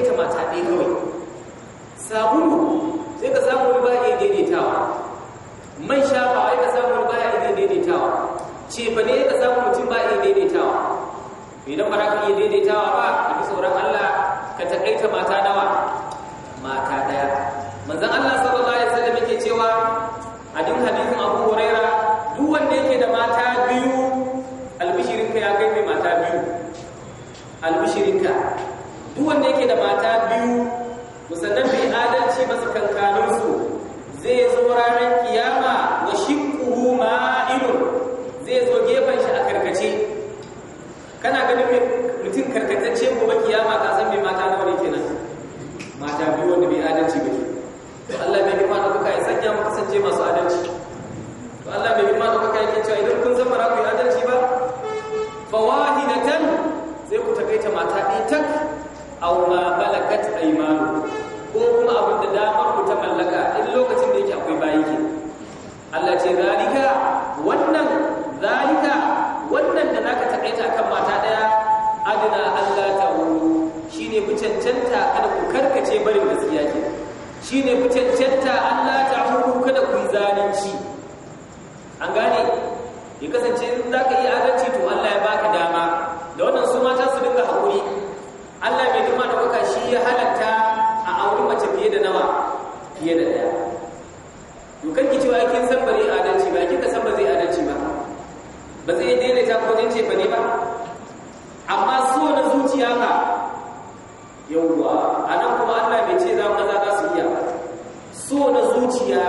daidaita mata ɗaya kawai sabulu sai ka samu wani baya daidaitawa man shafa ai ka samu wani baya daidaitawa ce ba ne ka samu mutum ba baya daidaitawa Me na fara ka iya daidaitawa ba a bi sauran Allah ka takaita mata nawa mata daya manzon Allah sallallahu alaihi wasallam yake cewa a duk hadisin Abu Huraira duk wanda yake da mata duk wanda yake da mata biyu musannan bai adalci ba tsakankanin su zai zo ranar kiyama wa shiqquhu ma'ilun zai zo gefen shi a karkace kana ganin mutum karkatacce gobe kiyama ka san mai mata nawa ne kenan mata biyu wanda bai adalci ba to Allah bai girma da kuka ya sanya mu kasance masu adalci to Allah bai girma da kuka yake cewa idan kun zama ra ku adalci ba fawahidatan sai ku takaita mata ɗaya Auna ma malakat aymanu ko kuma abin da damar ku ta mallaka in lokacin da yake akwai bayi ke Allah ce zalika wannan zalika wannan da naka takaita kan mata daya adana Allah ta wuru shine ku cancanta kada ku karkace barin gaskiya ke shine ku cancanta Allah ta wuru kada ku zalunci an gane ya kasance in zaka iya adalci kin san bari adalci ba kika san ba zai adalci ba ba zai daidaita ko zai ce bane ba amma so na zuciya ka yawwa anan kuma Allah bai ce za mu kaza za su iya so na zuciya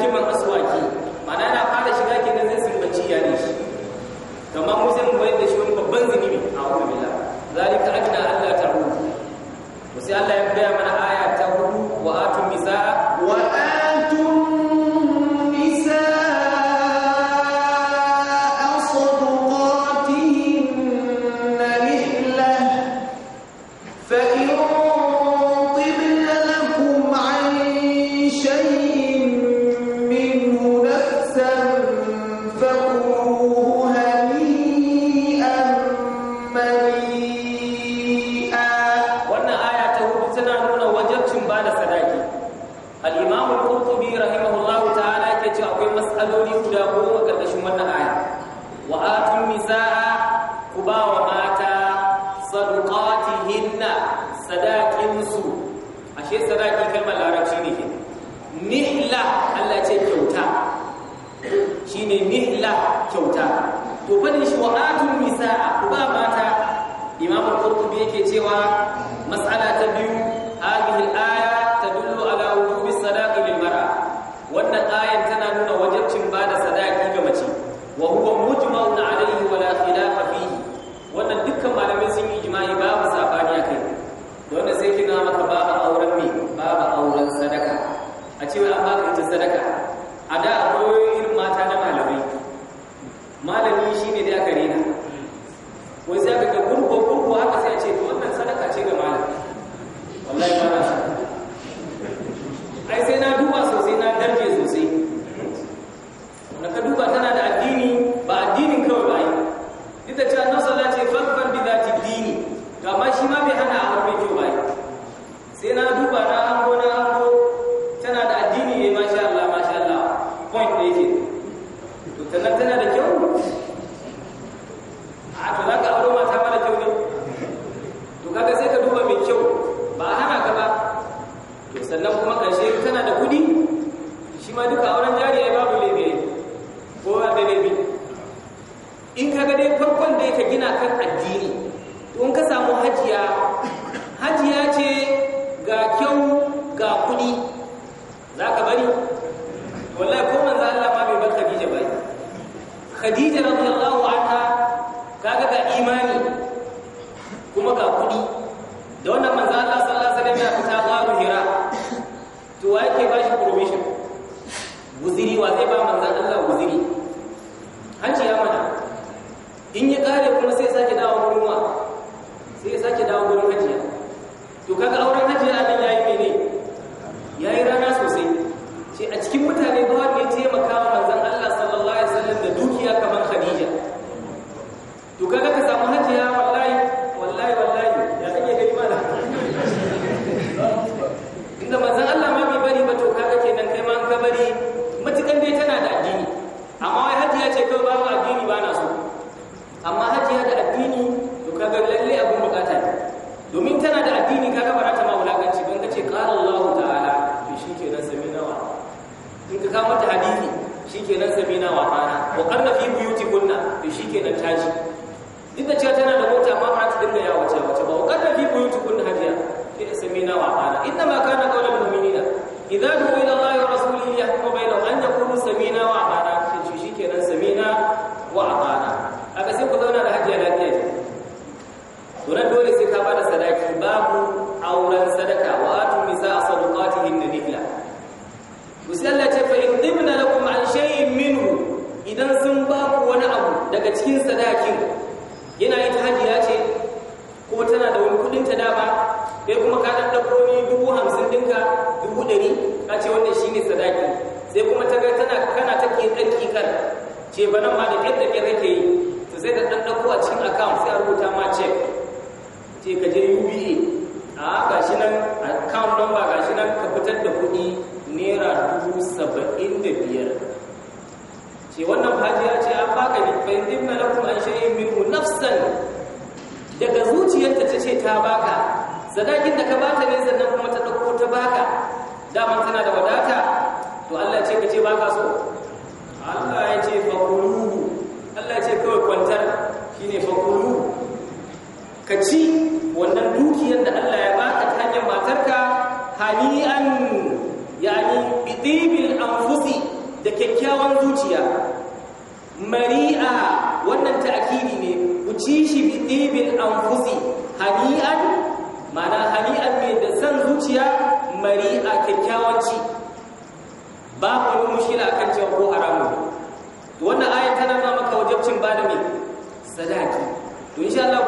jimar aswaki mana na fara shiga ke nan zai sumbaci ya ne shi kama mu sai mu da shi wani babban zunubi a wani bila zalika akna Allah ta to sai Allah ya gaya mana cikin sadakin yana ta hajiya ce ko tana da wani kudin ta dama kai kuma ka dan dauko ni dubu hamsin dinka dubu ɗari ka ce wannan ne sadaki sai kuma ta ga tana kana ta ke ɗan kikar ce ba ma da kyar da kyar ka bata ne sannan kuma ta dauko ta baka daman tana da wadata to Allah ce ka je baka so Allah ya ce fakuluhu Allah ya ce kawai kwantar shine fakuluhu ka ci wannan dukiyar da Allah ya baka ta hanyar matarka hani'an yani bidibil anfusi da kyakkyawan zuciya mari'a wannan ta'kidi ne ku ci shi bidibil anfusi hani'an a kyakkyawan ci babu wani mushkila akan cewa ko haramu wannan ayat tana maka wajibcin ba da mai sadaki to insha Allah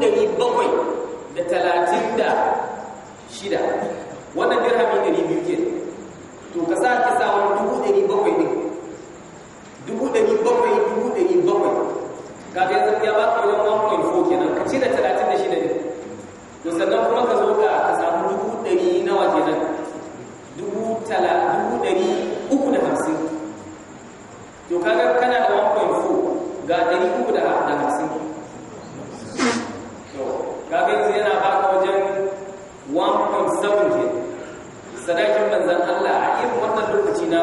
ɗari bakwai da talatin da shida wannan dirhami ɗari biyu ke to ka sa ka sa dubu ɗari bakwai ɗin dubu ɗari bakwai dubu ɗari bakwai ka ga yanzu ya ba ka yi wani wani ko kenan ka ci da talatin da shida ɗin to sannan kuma ka zo ka samu dubu ɗari nawa kenan dubu tala dubu ɗari uku da hamsin to kaga kana da ko ga ɗari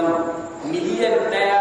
Não. Milha,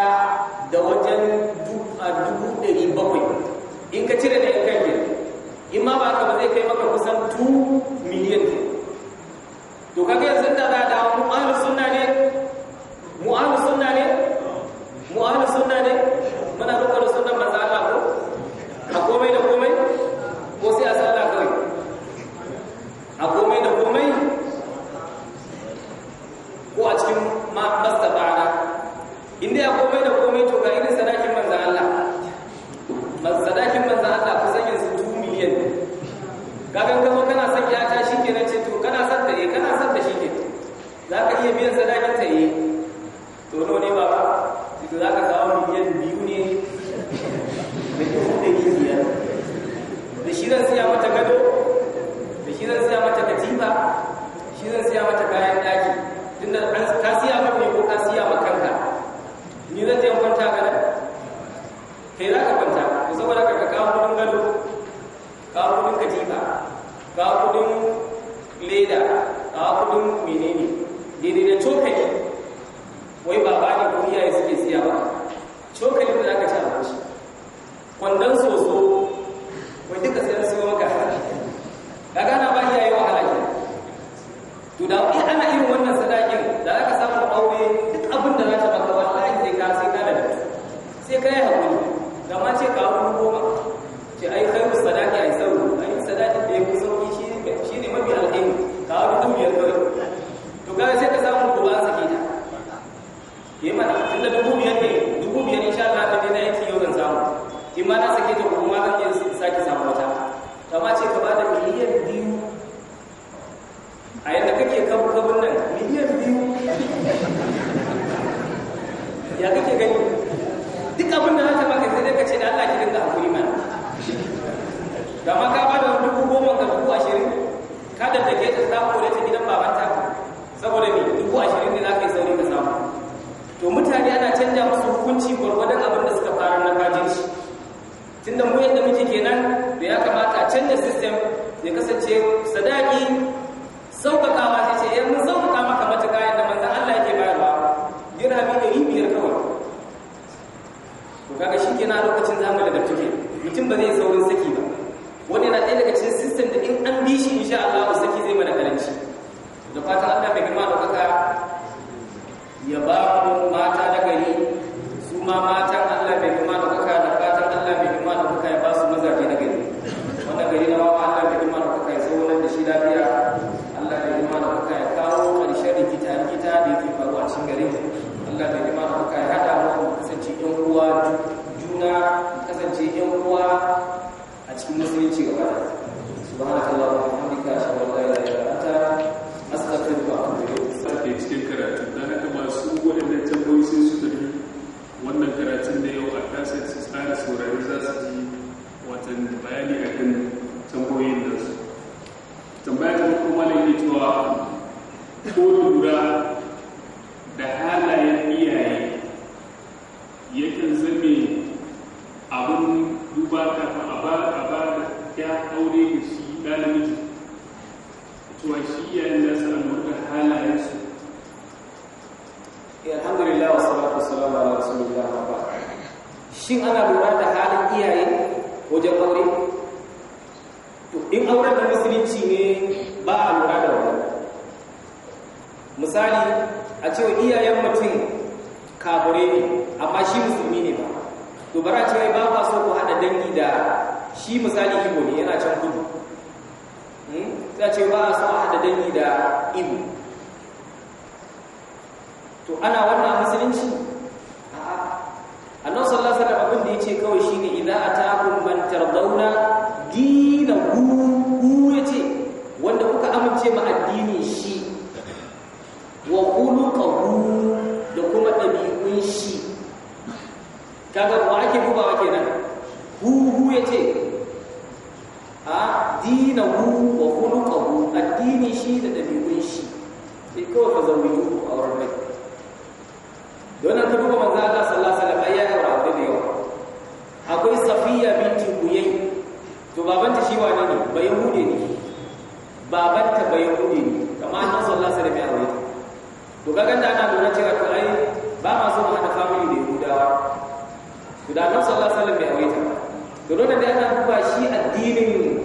ana duba shi addinin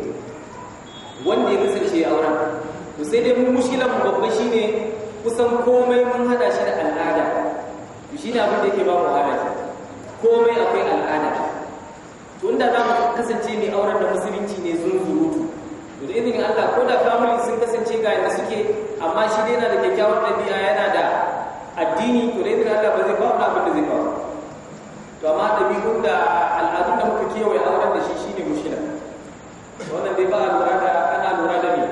wanda ya kasance auren to sai dai mun mu babba ne kusan komai mun hada shi da al'ada to shi ne abin da yake ba mu haraji komai akwai al'ada to inda za mu kasance mai auren da musulunci ne zurutu to da izinin Allah ko da family sun kasance ga yadda suke amma shi dai yana da kyakkyawar dabi'a yana da addini to da izinin Allah ba zai ba mu abin da zai ba to amma dabi'un da al'adun da muka kewaye auren da shi Wanang dia tak ada rada, kan ada rada ni.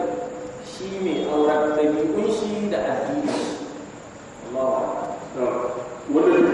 Si me aurat tadi unsi dah hadir. Allah. Nah, ha. wanang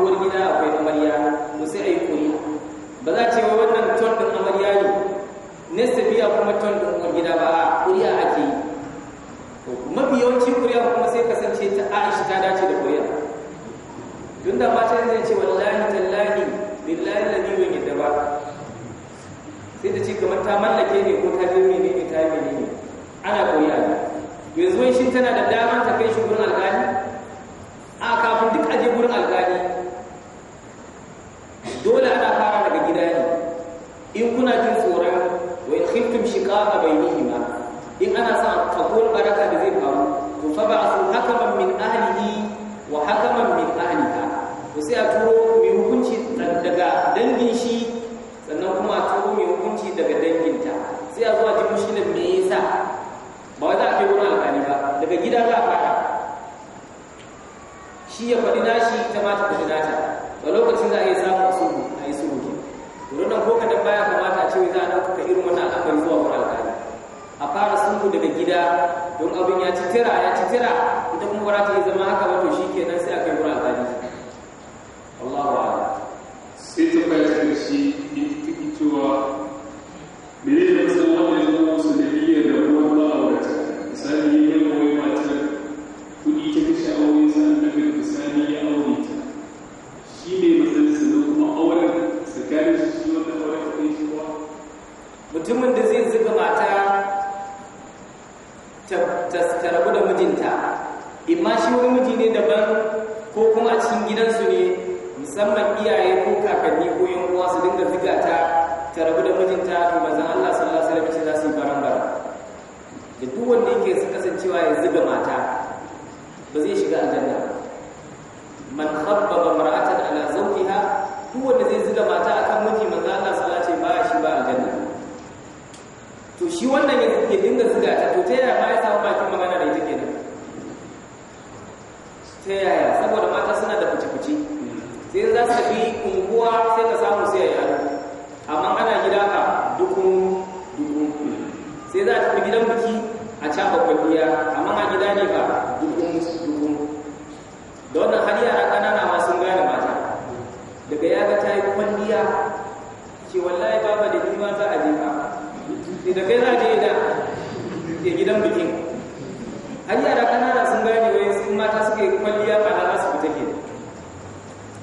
uwar gida akwai amarya mu sai a yi kuri ba za ce wa wannan ton ɗin amarya ne nesta biya kuma ton ɗin uwar gida ba a kuri'a ake yi mafi yawanci kuri'a kuma sai kasance ta aisha ta dace da kuri'a tun da ba mata zai ce wallahi tallahi billahi lalli ban yadda ba sai ta ce kamar ta mallake ne ko ta je mene ne ta mene ne ana kuri'a yanzu wani shi tana da damar ta kai shi gurin alƙali sai a turo mai hukunci daga dangin shi sannan kuma a turo mai hukunci daga danginta sai a zuwa jikin shi da me yasa ba wata ake a kai wurin ba daga gida za a fara shi ya faɗi nashi ta mata ta nata ba lokacin za a yi samun sulhu a yi sulhu ke wurin nan ko kadan baya kamata a ce za a ɗauka irin wannan al'amari zuwa wurin alkali a fara sulhu daga gida don abin ya ci tira ya ci tira ita kuma ba za ta yi zama haka ba to shi kenan duk wanda yake kasancewa ya zuga mata ba zai shiga aljanna ba man khabbaba mar'atan ala zawjiha duk wanda zai zuga mata akan miji manzo Allah sallallahu alaihi ba shi ba aljanna to shi wannan ya dinga zuga ta to tayaya ma ya samu bakin magana da ita kenan tayaya saboda mata suna da fice-fice sai za su tafi unguwa sai ka samu sai ya yi amma ana gida ka dukun dukun sai za ta fi gidan biki a caɓa kwalliya amma ma gida ne ba dukun dukun da wannan har yara ƙanana ma sun gane mata daga ya ga ta yi kwalliya ke wallahi baba da ni ma za a je ba da kai za a je da ke gidan bikin har yara ƙanana sun gane wai sun mata suka yi kwalliya ba na su fita ke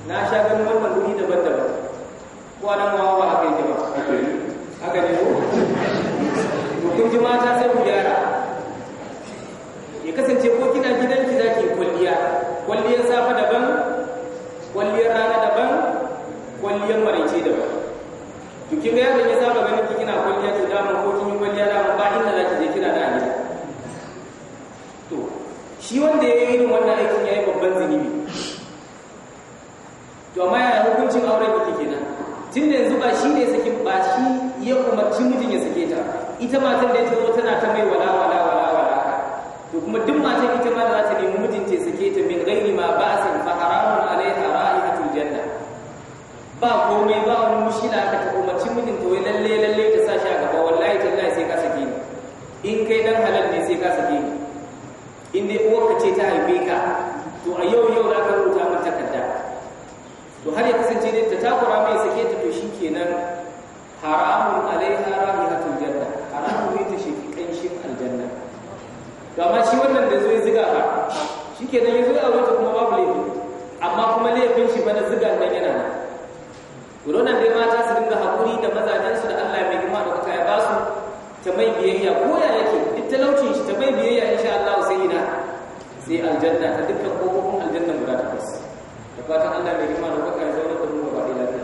na sha ganin wannan wuri daban-daban ko nan wawa a yi ba aka ne ko mutum ji mata sai ku ya tun da yanzu ba shi ne saki ba shi ya umarci mijin ya sake ta ita matan da ta zo tana ta mai wala wala wala wala to kuma duk matan ita ma za ta nemi mijin ta sake ta min ghairi ma ba ba'sin fa haramun alaiha ra'ihatul janna ba komai ba wani mushi na aka ta umarci mijin wai lalle lalle ta sa shi a gaba wallahi tallahi sai ka sake ni in kai dan halal ne sai ka sake ni in dai uwarka ce ta haife ka to a yau yau za ka to har ya kasance ne ta takura mai sake ta to shi kenan haramun alaiha rahihatul janna haramun ne ta shi kanshin aljanna to amma shi wannan da zai ziga ha shi kenan ya zo a kuma babu laifi amma kuma laifin shi bana ziga nan yana nan Ronan dai mata su dinga hakuri da mazajensu da Allah mai girma da kuka ya ba su ta mai biyayya ko ya yake duk talaucin shi ta mai biyayya insha Allah sai ina sai aljanna ta dukkan kofofin aljanna guda takwas da fatan Allah mai girma da kuka zauna da mu gaba da lafiya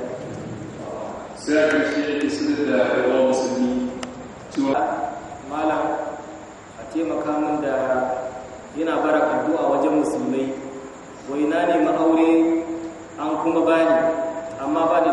sai a karshe ne su da yawa musulmi cewa malam a taimaka min da yana bara addu'a wajen musulmai wai na nemi aure an kuma bani amma ba da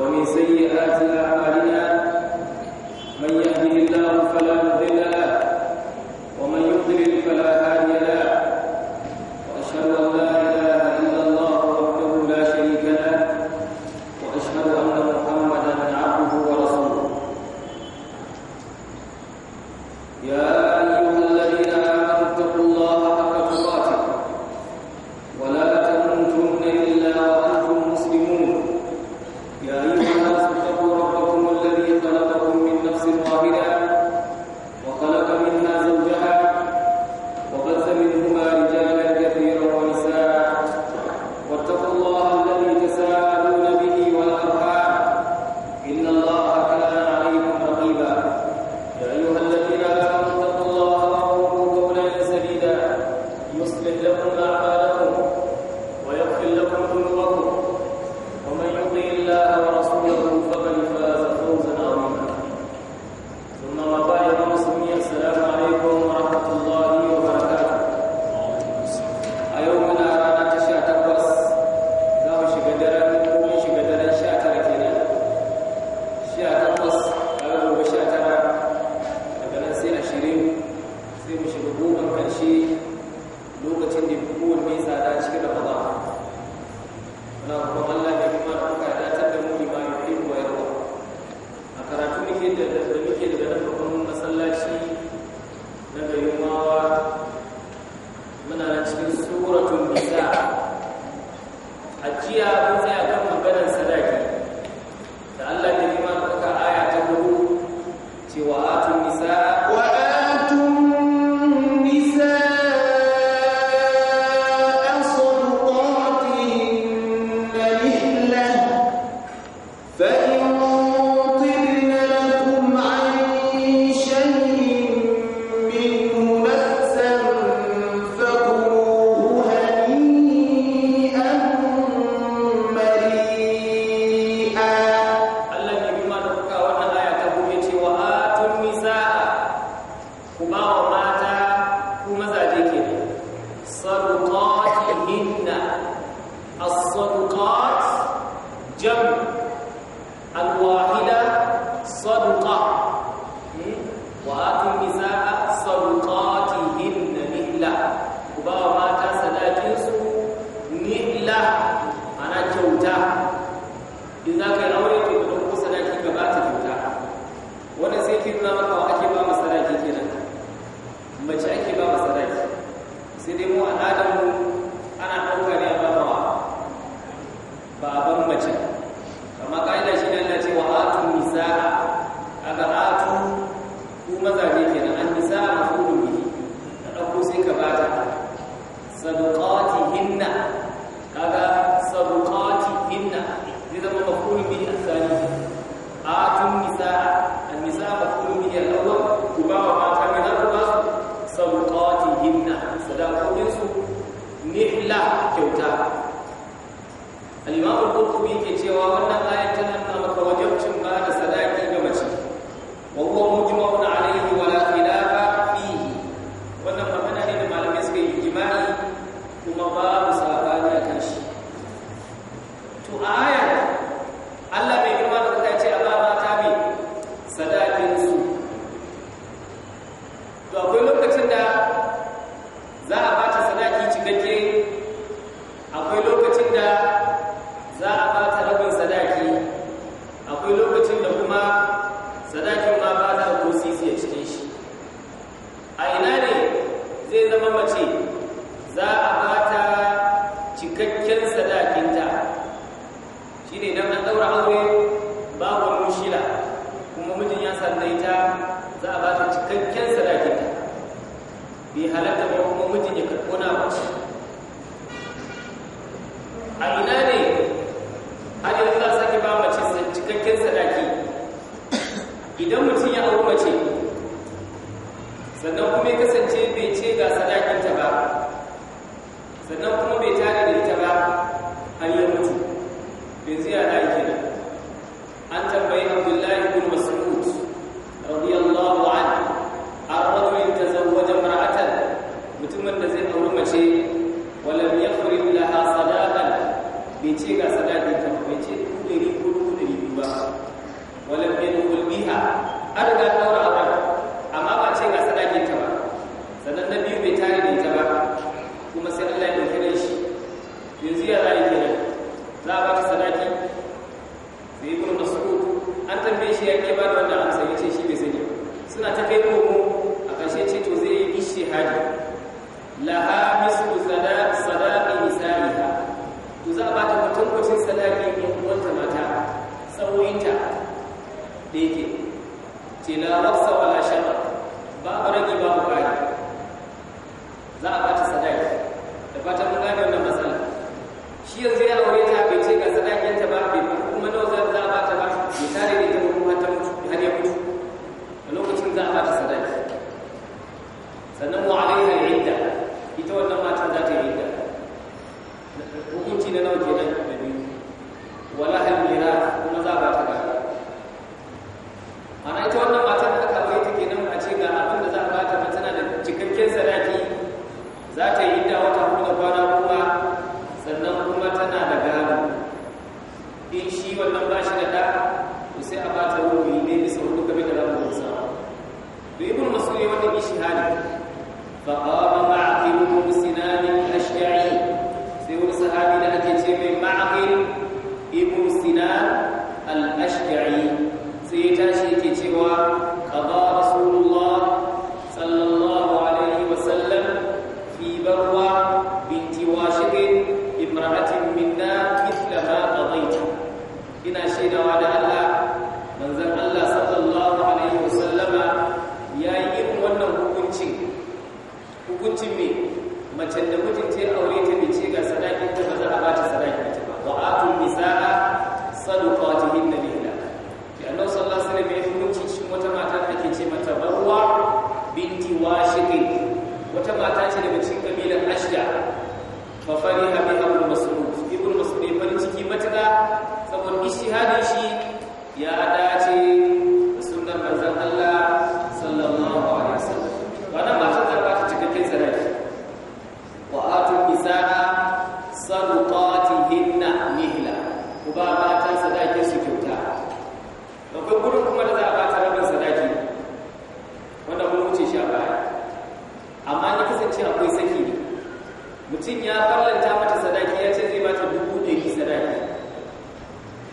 ومن سيئات الأعمال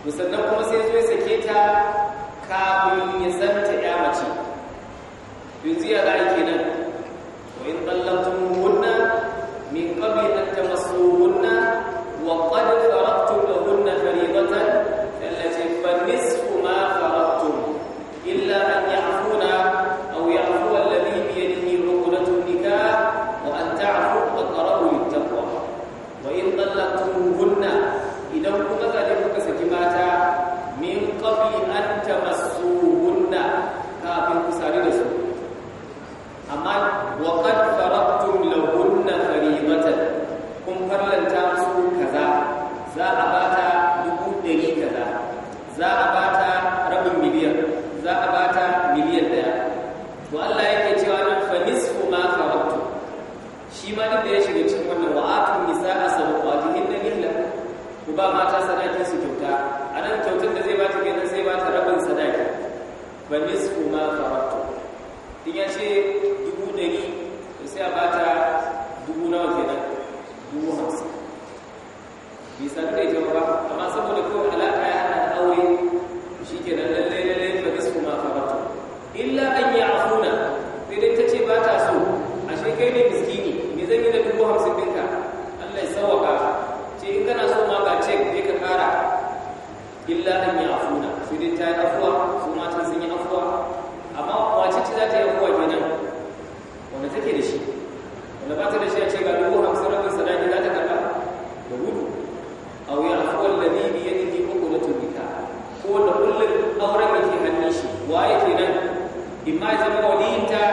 sannan kuma sai zo ya sake ta kafin ya zanta una moneta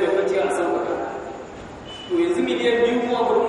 da ganin a san to yanzu miliyan biyu kuma gurin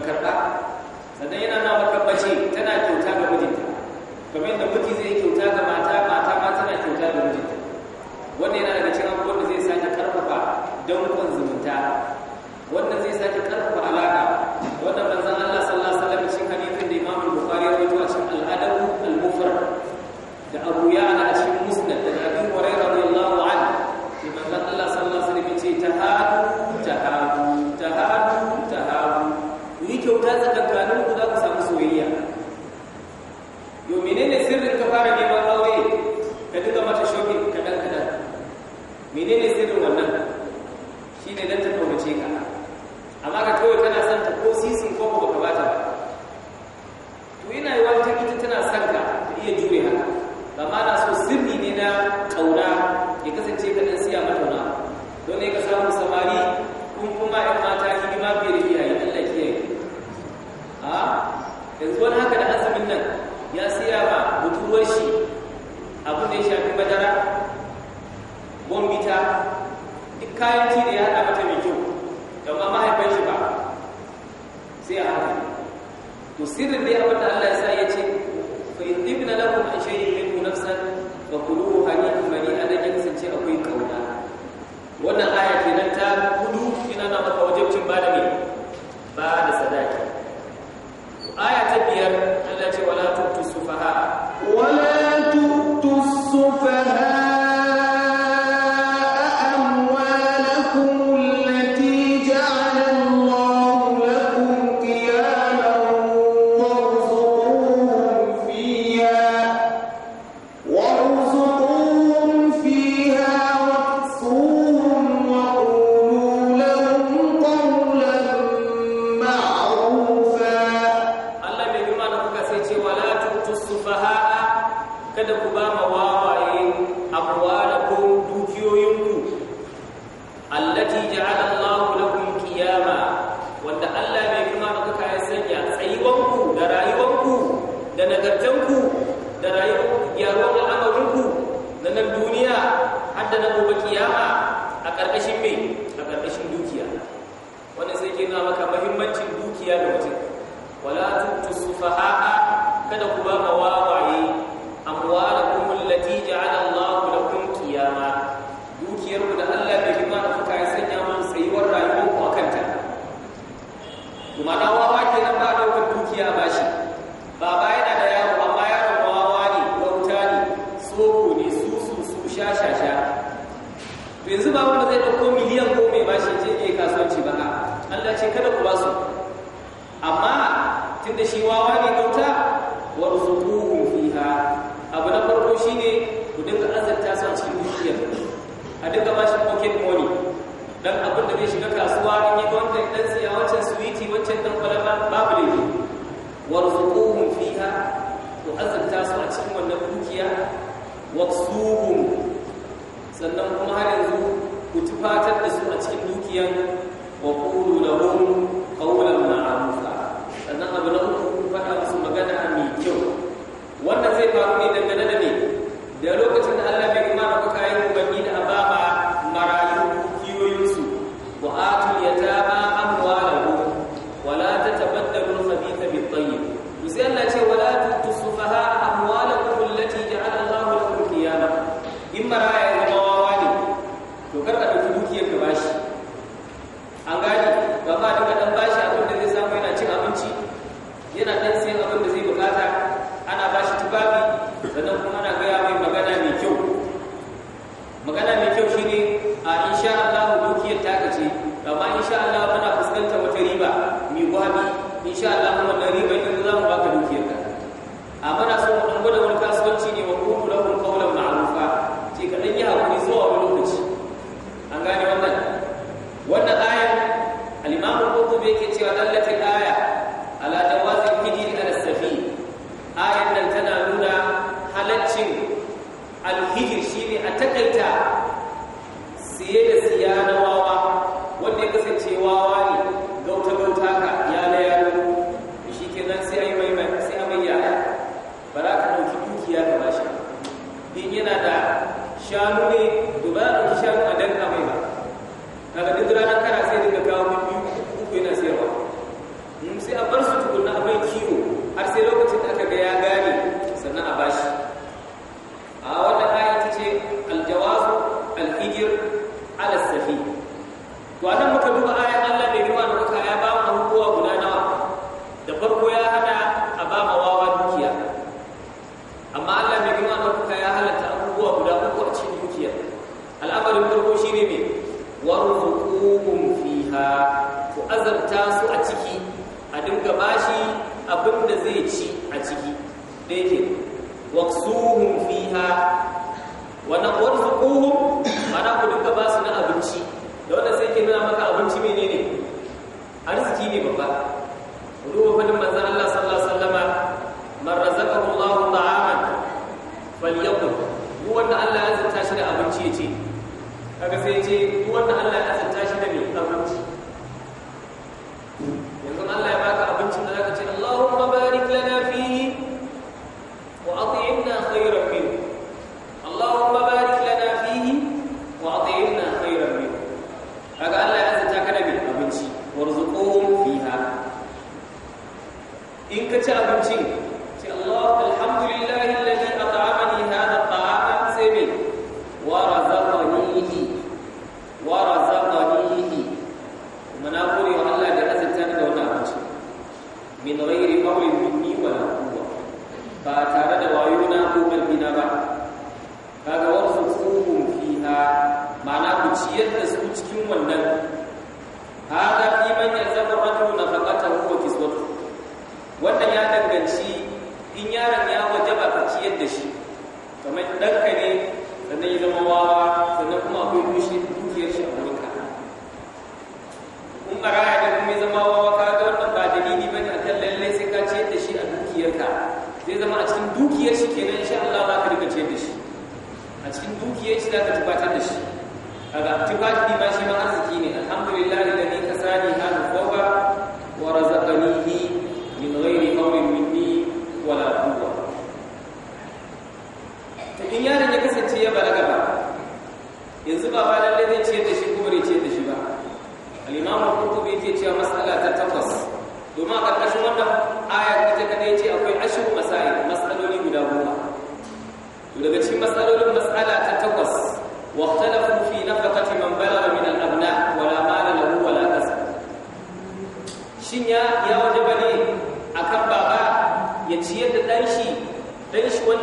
ka karɓa sannan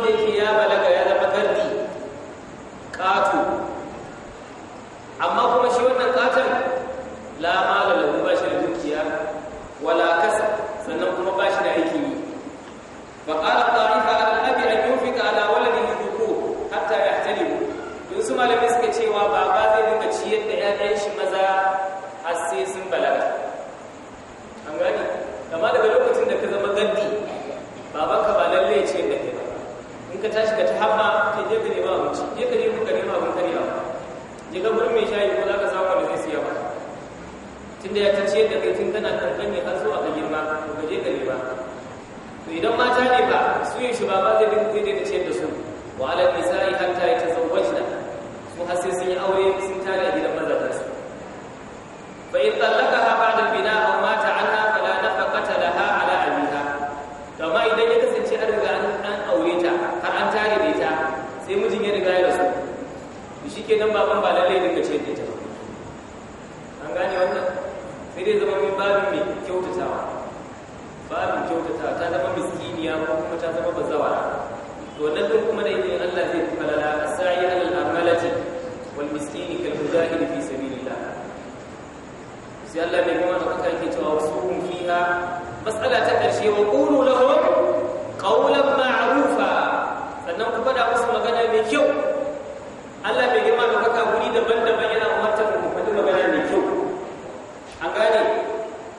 para la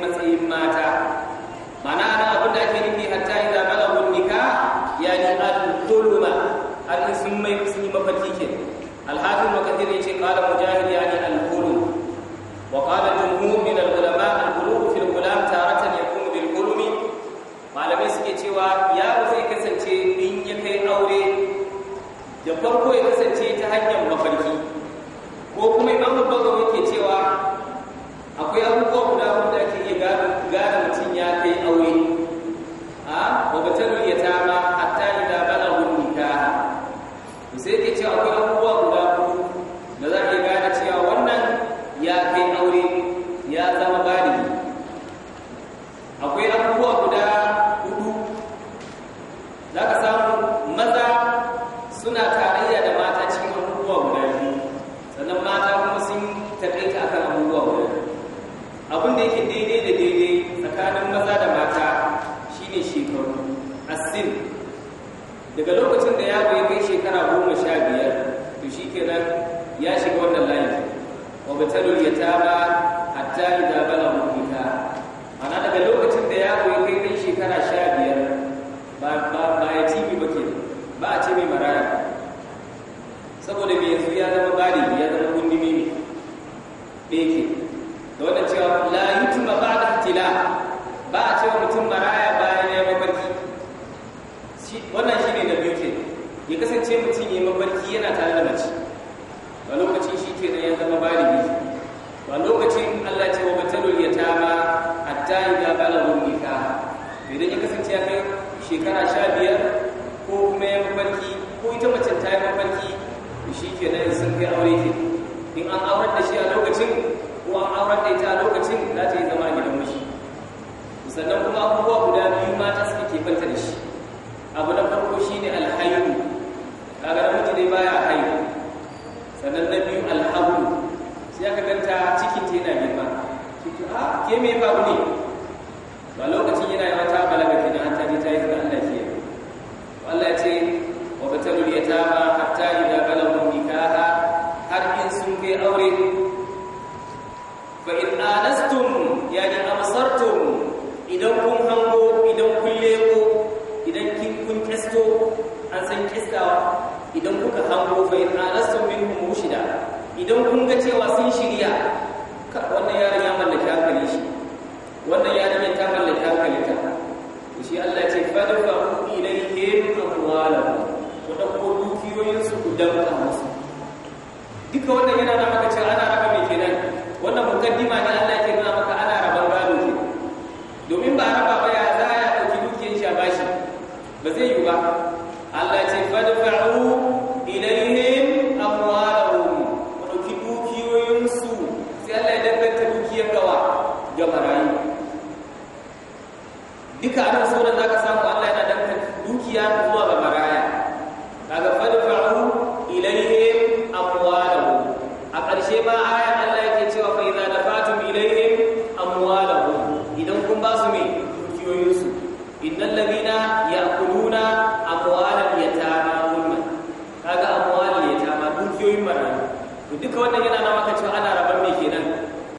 matsayin mata shekara sha biyar ko kuma ya mafarki ko ita macen ta yi mafarki shi nan sun kai aure ke in an aurar da shi a lokacin ko an aurar da ita a lokacin za ta yi zama a gidan mashi sannan kuma abubuwa guda biyu mata suka ke banta da shi abu na farko ne alhaihu kaga namiji dai baya haihu sannan na biyu alhabu sai aka ganta cikin ta yana girma ah, ke me babu ne ba lokacin yana yawa ta fa in anastum minhum rushida idan kun ga cewa sun shirya wannan yaron ya mallaki hankali shi wannan yaron ta mallaki hankali ta shi Allah ce fadfa ilayhim amwalahum ku dauko dukiyoyin su ku danka musu duka wannan yana da maka cewa ana raba mai kenan wannan mukaddima ne Allah